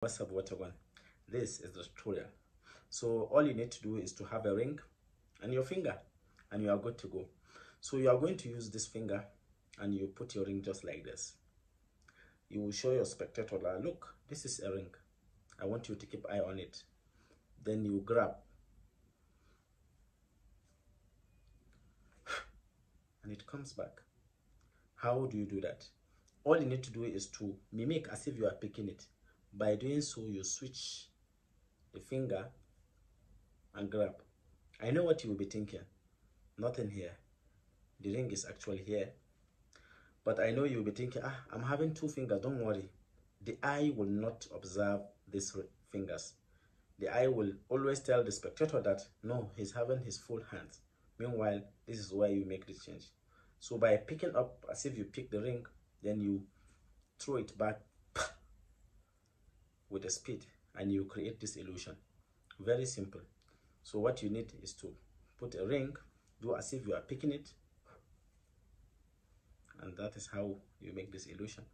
what's up watergon this is the tutorial so all you need to do is to have a ring and your finger and you are good to go so you are going to use this finger and you put your ring just like this you will show your spectator that look this is a ring i want you to keep eye on it then you grab and it comes back how do you do that all you need to do is to mimic as if you are picking it by doing so, you switch the finger and grab. I know what you will be thinking. Nothing here. The ring is actually here. But I know you will be thinking, ah, I'm having two fingers. Don't worry. The eye will not observe these fingers. The eye will always tell the spectator that, no, he's having his full hands. Meanwhile, this is where you make the change. So by picking up as if you pick the ring, then you throw it back with a speed and you create this illusion very simple so what you need is to put a ring do as if you are picking it and that is how you make this illusion